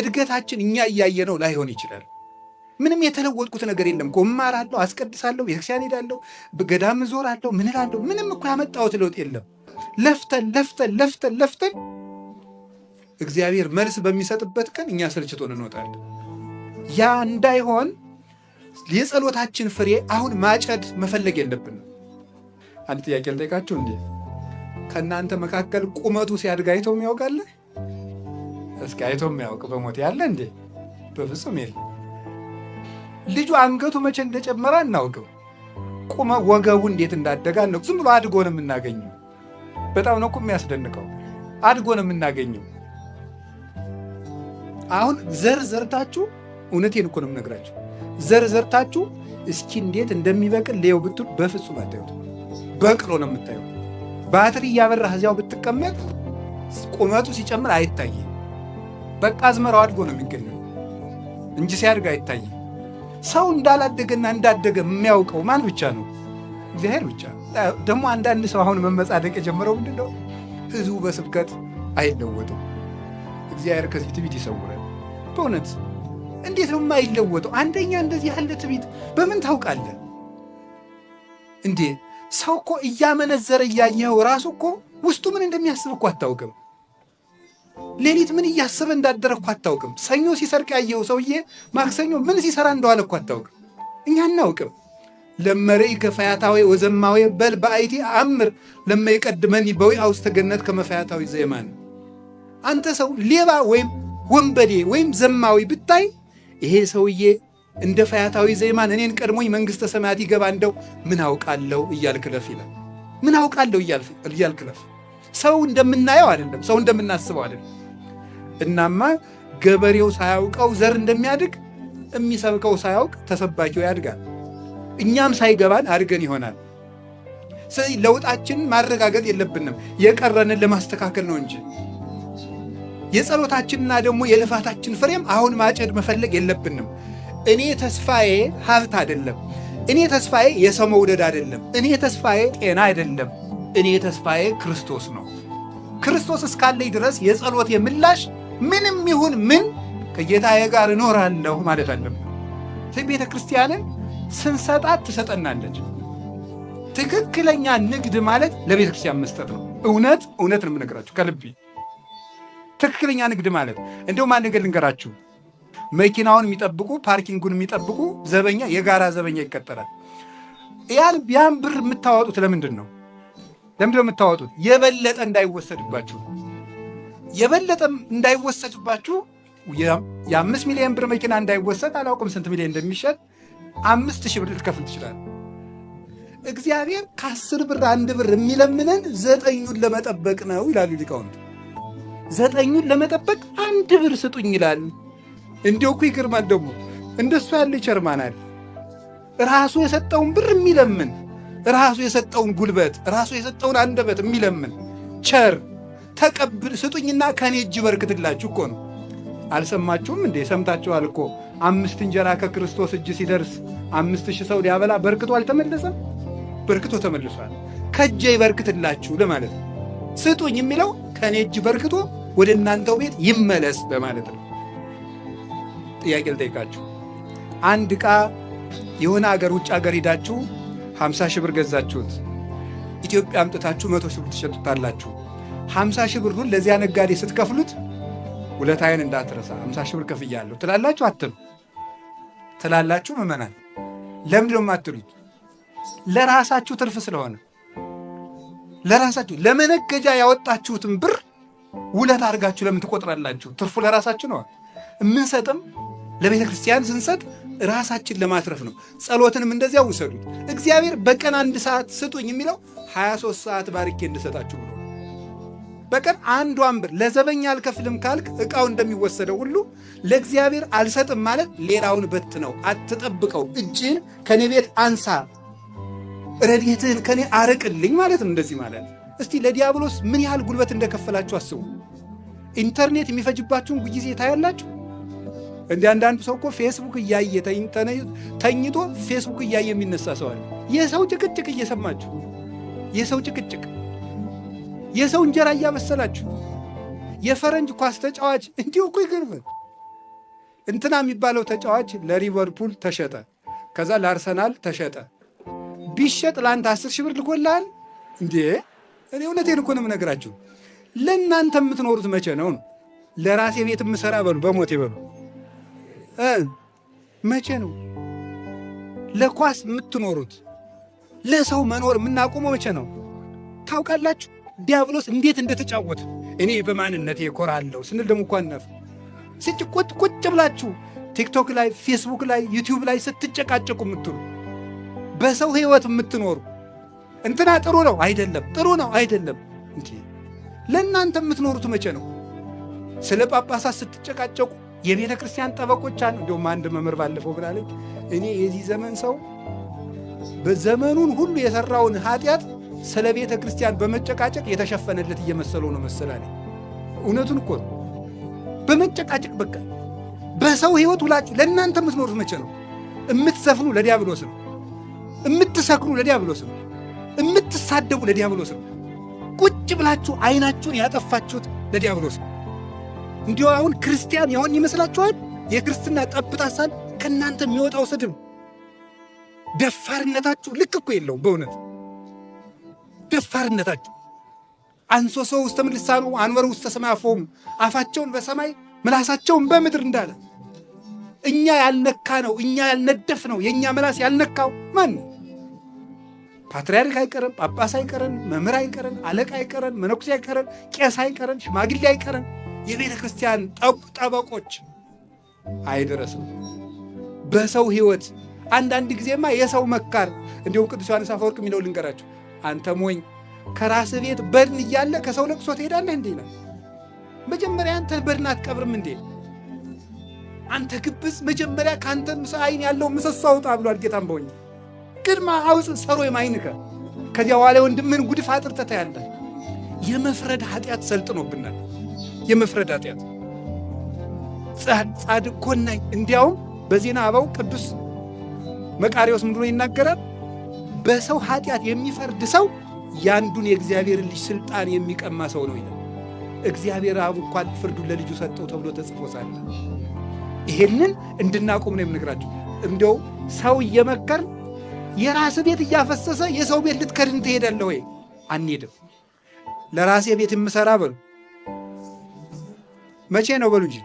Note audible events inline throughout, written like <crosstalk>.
እድገታችን እኛ እያየነው ላይሆን ይችላል። ምንም የተለወጥኩት ነገር የለም። ጎማራለሁ፣ አስቀድሳለሁ፣ ቤተክርስቲያን ሄዳለሁ፣ ገዳም ዞራለሁ፣ ምን እላለሁ። ምንም እኮ ያመጣሁት ለውጥ የለም። ለፍተን ለፍተን ለፍተን ለፍተን እግዚአብሔር መልስ በሚሰጥበት ቀን እኛ ስልችቶን እንወጣለን። ያ እንዳይሆን የጸሎታችን ፍሬ አሁን ማጨድ መፈለግ የለብንም። አንድ ጥያቄ ልጠይቃችሁ እንዴ ከእናንተ መካከል ቁመቱ ሲያድግ ያውቃለህ? እስኪ አይቶ የሚያውቅ በሞት ያለ እንዴ? በፍጹም የለ። ልጁ አንገቱ መቼ እንደጨመረ አናውቅም። ቁመ ወገቡ እንዴት እንዳደጋ ነው። ዝም ብሎ አድጎ ነው የምናገኘው። በጣም ነው የሚያስደንቀው። አድጎ ነው የምናገኘው። አሁን ዘር ዘርታችሁ እውነቴን እኮ ነው የምነግራችሁ። ዘር ዘርታችሁ እስኪ እንዴት እንደሚበቅል ሌው ብትሉ በፍጹም አታዩት። በቅሎ ነው የምታዩት። ባትሪ እያበራህ እዚያው ብትቀመጥ ቁመቱ ሲጨምር አይታይም። በቃ አዝመራው አድጎ ነው የሚገኘው እንጂ ሲያድግ አይታይም። ሰው እንዳላደገና እንዳደገ የሚያውቀው ማን ብቻ ነው? እግዚአብሔር ብቻ። ደግሞ አንዳንድ ሰው አሁን መመጻደቅ የጀመረው ምንድን ነው? ህዝቡ በስብከት አይለወጥም። እግዚአብሔር ከዚህ ትቢት ይሰውራል። በእውነት እንዴት ነው የማይለወጠው? አንደኛ እንደዚህ ያለ ትቢት በምን ታውቃለህ እንዴ? ሰው እኮ እያመነዘረ እያየኸው ራሱ እኮ ውስጡ ምን እንደሚያስብ እኮ አታውቅም። ሌሊት ምን እያሰበ እንዳደረ እኮ አታውቅም። ሰኞ ሲሰርቅ ያየው ሰውዬ ማክሰኞ ምን ሲሰራ እንደዋለ እኮ አታውቅም። እኛ አናውቅም። ለመረኢ ከፈያታዊ ወዘማዊ በል በአይቲ አምር ለመይቀድመኒ በዊ አውስተ ገነት ከመፈያታዊ ዘየማን። አንተ ሰው ሌባ ወይም ወንበዴ ወይም ዘማዊ ብታይ ይሄ ሰውዬ እንደ ፈያታዊ ዘየማን እኔን ቀድሞኝ መንግሥተ ሰማያት ይገባ እንደው ምን አውቃለሁ እያልክለፍ ይላል። ምን አውቃለሁ እያልክለፍ ሰው እንደምናየው አይደለም፣ ሰው እንደምናስበው አይደለም። እናማ ገበሬው ሳያውቀው ዘር እንደሚያድግ የሚሰብከው ሳያውቅ ተሰባኪው ያድጋል። እኛም ሳይገባን አድገን ይሆናል። ለውጣችን ማረጋገጥ የለብንም የቀረንን ለማስተካከል ነው እንጂ የጸሎታችንና ደግሞ የልፋታችን ፍሬም አሁን ማጨድ መፈለግ የለብንም። እኔ ተስፋዬ ሀብት አይደለም። እኔ ተስፋዬ የሰው መውደድ አይደለም። እኔ ተስፋዬ ጤና አይደለም። እኔ ተስፋዬ ክርስቶስ ነው። ክርስቶስ እስካለኝ ድረስ የጸሎት የምላሽ ምንም ይሁን ምን ከጌታዬ ጋር እኖራለሁ ማለት አለብን። ቤተ ክርስቲያንን ስንሰጣት ትሰጠናለች። ትክክለኛ ንግድ ማለት ለቤተ ክርስቲያን መስጠት ነው። እውነት እውነት ነው የምነግራችሁ ከልቤ። ትክክለኛ ንግድ ማለት እንደውም አንድ ነገር ልንገራችሁ። መኪናውን የሚጠብቁ ፓርኪንጉን የሚጠብቁ ዘበኛ፣ የጋራ ዘበኛ ይቀጠራል። ያን ያን ብር የምታወጡት ለምንድን ነው? ለምንድነው የምታወጡት? የበለጠ እንዳይወሰድባችሁ የበለጠ እንዳይወሰድባችሁ የአምስት ሚሊዮን ብር መኪና እንዳይወሰድ አላውቅም ስንት ሚሊዮን እንደሚሸጥ አምስት ሺህ ብር ልትከፍል ትችላል። እግዚአብሔር ከአስር ብር አንድ ብር የሚለምነን ዘጠኙን ለመጠበቅ ነው ይላሉ ሊቃውንት። ዘጠኙን ለመጠበቅ አንድ ብር ስጡኝ ይላል። እንዲያው እኮ ይገርማል ደግሞ እንደሱ ያለ ይቸርማናል ራሱ የሰጠውን ብር የሚለምን ራሱ የሰጠውን ጉልበት ራሱ የሰጠውን አንደበት የሚለምን ቸር ተቀብል ስጡኝና ከኔ እጅ በርክትላችሁ እኮ ነው። አልሰማችሁም እንዴ? ሰምታችኋል እኮ አምስት እንጀራ ከክርስቶስ እጅ ሲደርስ አምስት ሺህ ሰው ሊያበላ በርክቶ አልተመለሰም? በርክቶ ተመልሷል። ከእጄ ይበርክትላችሁ ለማለት ነው። ስጡኝ የሚለው ከእኔ እጅ በርክቶ ወደ እናንተው ቤት ይመለስ በማለት ነው። ጥያቄ ልጠይቃችሁ። አንድ ዕቃ የሆነ አገር ውጭ አገር ሂዳችሁ 50 ሺህ ብር ገዛችሁት፣ ኢትዮጵያ አምጥታችሁ 100 ሺህ ብር ትሸጡታላችሁ። 50 ሺህ ብሩን ለዚያ ነጋዴ ስትከፍሉት ውለታዬን እንዳትረሳ 50 ሺህ ብር ከፍያለሁ ትላላችሁ አትሉ ትላላችሁ? ምዕመናን ነው የማትሉት? ለራሳችሁ ትርፍ ስለሆነ ለራሳችሁ ለመነገጃ ያወጣችሁትን ብር ውለት አድርጋችሁ ለምን ትቆጥራላችሁ? ትርፉ ለራሳችሁ ነው። የምንሰጥም ለቤተ ክርስቲያን ስንሰጥ ራሳችን ለማትረፍ ነው። ጸሎትንም እንደዚያ ውሰዱት። እግዚአብሔር በቀን አንድ ሰዓት ስጡኝ የሚለው 23 ሰዓት ባርኬ እንድሰጣችሁ ብሎ በቀን አንድ ብር ለዘበኛ አልከፍልም ካልክ እቃው እንደሚወሰደው ሁሉ ለእግዚአብሔር አልሰጥም ማለት ሌላውን በት ነው። አትጠብቀው። እጅህን ከኔ ቤት አንሳ፣ ረድኤትህን ከኔ አርቅልኝ ማለት ነው። እንደዚህ ማለት እስቲ ለዲያብሎስ ምን ያህል ጉልበት እንደከፈላችሁ አስቡ። ኢንተርኔት የሚፈጅባችሁን ጊዜ ታያላችሁ። እንደ አንዳንዱ ሰው እኮ ፌስቡክ እያየ ተኝቶ ፌስቡክ እያየ የሚነሳ ሰው አለ። የሰው ጭቅጭቅ እየሰማችሁ የሰው ጭቅጭቅ የሰው እንጀራ እያበሰላችሁ የፈረንጅ ኳስ ተጫዋች <laughs> እንዲሁ እኮ ይገርመን። እንትና የሚባለው ተጫዋች ለሊቨርፑል ተሸጠ፣ ከዛ ለአርሰናል ተሸጠ። ቢሸጥ ለአንተ አስር ሺህ ብር ልኮልሃል እንዴ? እኔ እውነቴን እኮ ነው የምነግራችሁ። ለእናንተ የምትኖሩት መቼ ነው? ለራሴ ቤት የምሰራ በሉ፣ በሞቴ በሉ መቼ ነው ለኳስ የምትኖሩት? ለሰው መኖር የምናቆመው መቼ ነው? ታውቃላችሁ ዲያብሎስ እንዴት እንደተጫወተ። እኔ በማንነቴ እኮራለሁ ስንል ደግሞ እኳነፍ ስጭ ቁጭ ቁጭ ብላችሁ ቲክቶክ ላይ ፌስቡክ ላይ ዩቲዩብ ላይ ስትጨቃጨቁ የምትሉ በሰው ህይወት የምትኖሩ እንትና ጥሩ ነው አይደለም፣ ጥሩ ነው አይደለም። እንዴ ለእናንተ የምትኖሩት መቼ ነው? ስለ ጳጳሳት ስትጨቃጨቁ የቤተ ክርስቲያን ጠበቆች አሉ። እንዲሁም አንድ መምህር ባለፈው ብላለች፣ እኔ የዚህ ዘመን ሰው በዘመኑን ሁሉ የሰራውን ኃጢአት ስለ ቤተ ክርስቲያን በመጨቃጨቅ የተሸፈነለት እየመሰለው ነው መሰላለ። እውነቱን እኮ ነው። በመጨቃጨቅ በቃ በሰው ህይወት ሁላችሁ ለእናንተ የምትኖሩት መቼ ነው? የምትዘፍኑ ለዲያብሎስ ነው። የምትሰክሩ ለዲያብሎስ ነው። የምትሳደቡ ለዲያብሎስ ነው። ቁጭ ብላችሁ አይናችሁን ያጠፋችሁት ለዲያብሎስ ነው። እንዲሁ አሁን ክርስቲያን የሆን ይመስላችኋል? የክርስትና ጠብታ ሳል ከእናንተ የሚወጣው ስድብ ደፋርነታችሁ ልክ እኮ የለውም። በእውነት ደፋርነታችሁ አንሶ ሰው ውስተ ምልሳኑ አንወር ውስተ ሰማይ አፎሙ አፋቸውን በሰማይ ምላሳቸውን በምድር እንዳለ እኛ ያልነካ ነው እኛ ያልነደፍ ነው የእኛ ምላስ ያልነካው ማን ነው? ፓትርያርክ አይቀረን፣ ጳጳስ አይቀረን፣ መምህር አይቀረን፣ አለቃ አይቀረን፣ መነኩሴ አይቀረን፣ ቄስ አይቀረን፣ ሽማግሌ አይቀረን የቤተ ክርስቲያን ጠበቆች አይደረስም። በሰው ህይወት አንዳንድ ጊዜማ የሰው መካር እንዲሁም ቅዱስ ዮሐንስ አፈወርቅ የሚለው ልንገራቸው፣ አንተ ሞኝ ከራስ ቤት በድን እያለ ከሰው ለቅሶ ትሄዳለህ እንዴ ይላል። መጀመሪያ አንተ በድን አትቀብርም እንዴ? አንተ ግብዝ፣ መጀመሪያ ከአንተ ምስአይን ያለው ምሰሶ አውጣ ብሏል ጌታም በሆኝ ቅድማ አውፅ ሰሮ የማይንከ ከዚያ በኋላ ወንድምን ጉድፍ አጥርተታ ያለ? የመፍረድ ኃጢአት ሰልጥኖብናል። የመፍረድ ኃጢአት ጻድቅ ኮናኝ። እንዲያውም በዜና አበው ቅዱስ መቃሪዎስ ምንድን ነው ይናገራል? በሰው ኃጢአት የሚፈርድ ሰው ያንዱን የእግዚአብሔር ልጅ ስልጣን የሚቀማ ሰው ነው ይላል። እግዚአብሔር አብ እንኳን ፍርዱን ለልጁ ሰጠው ተብሎ ተጽፎ ሳለ ይሄንን እንድናቆም ነው የምነግራቸው። እንዲያው ሰው እየመከር የራስ ቤት እያፈሰሰ የሰው ቤት ልትከድን ትሄዳለህ ወይ? አንሄድም። ለራሴ ቤት የምሰራ በሉ መቼ ነው በሉ እንጂ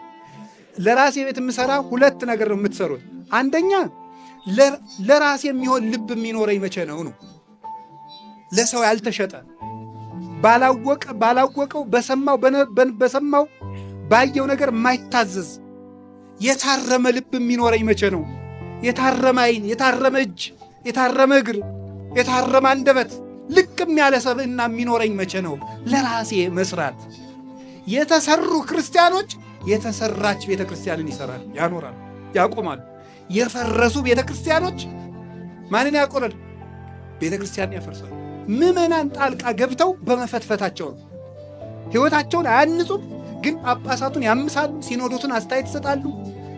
ለራሴ ቤት የምሰራ ሁለት ነገር ነው የምትሰሩት። አንደኛ ለራሴ የሚሆን ልብ የሚኖረኝ መቼ ነው ነው ለሰው ያልተሸጠ ባላወቀ ባላወቀው በሰማው በሰማው ባየው ነገር የማይታዘዝ የታረመ ልብ የሚኖረኝ መቼ ነው? የታረመ ዓይን፣ የታረመ እጅ፣ የታረመ እግር፣ የታረመ አንደበት ልቅም ያለ ሰብዕና የሚኖረኝ መቼ ነው? ለራሴ መስራት የተሰሩ ክርስቲያኖች የተሰራች ቤተ ክርስቲያንን ይሰራል፣ ያኖራል፣ ያቆማሉ። የፈረሱ ቤተ ክርስቲያኖች ማንን ያቆላል? ቤተ ክርስቲያንን ያፈርሳሉ። ምዕመናን ጣልቃ ገብተው በመፈትፈታቸው ነው። ሕይወታቸውን አያንጹም፣ ግን ጳጳሳቱን ያምሳሉ፣ ሲኖዶቱን አስተያየት ይሰጣሉ፣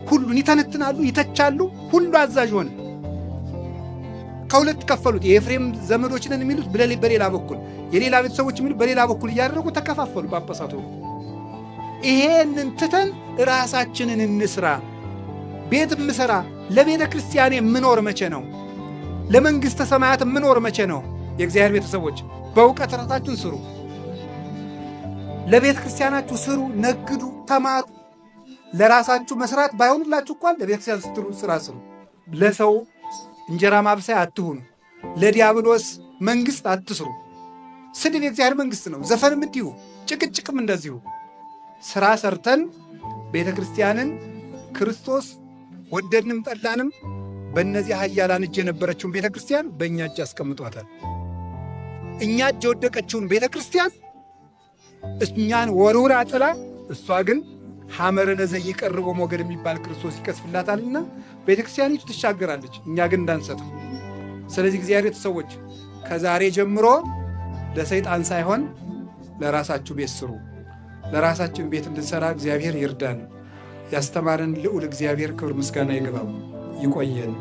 ሁሉን ይተነትናሉ፣ ይተቻሉ። ሁሉ አዛዥ ሆነ። ከሁለት ከፈሉት። የኤፍሬም ዘመዶችንን የሚሉት በሌላ በኩል፣ የሌላ ቤተሰቦች የሚሉት በሌላ በኩል እያደረጉ ተከፋፈሉ ጳጳሳቱ። ይሄንን ትተን ራሳችንን እንስራ። ቤት ምሰራ ለቤተ ክርስቲያን የምኖር መቼ ነው? ለመንግሥተ ሰማያት የምኖር መቼ ነው? የእግዚአብሔር ቤተሰቦች በእውቀት ራሳችሁን ስሩ። ለቤተ ክርስቲያናችሁ ስሩ፣ ነግዱ፣ ተማሩ። ለራሳችሁ መስራት ባይሆንላችሁ እንኳን ለቤተ ክርስቲያን ስትሉ ስራ ስሩ። ለሰው እንጀራ ማብሰያ አትሁኑ። ለዲያብሎስ መንግሥት አትስሩ። ስድብ የእግዚአብሔር መንግሥት ነው። ዘፈንም እንዲሁ፣ ጭቅጭቅም እንደዚሁ። ስራ ሰርተን ቤተ ክርስቲያንን ክርስቶስ ወደድንም ጠላንም በእነዚህ ኃያላን እጅ የነበረችውን ቤተ ክርስቲያን በእኛ እጅ አስቀምጧታል። እኛ እጅ የወደቀችውን ቤተ ክርስቲያን እኛን ወርውራ ጥላ፣ እሷ ግን ሐመረ ነዘይ ሞገድ የሚባል ክርስቶስ ይቀስፍላታልና ቤተ ክርስቲያኒቱ ትሻገራለች። እኛ ግን እንዳንሰጠው። ስለዚህ እግዚአብሔር ሰዎች ከዛሬ ጀምሮ ለሰይጣን ሳይሆን ለራሳችሁ ቤት ስሩ። ለራሳችን ቤት እንድንሰራ እግዚአብሔር ይርዳን። ያስተማረን ልዑል እግዚአብሔር ክብር ምስጋና ይግባው። ይቆየን።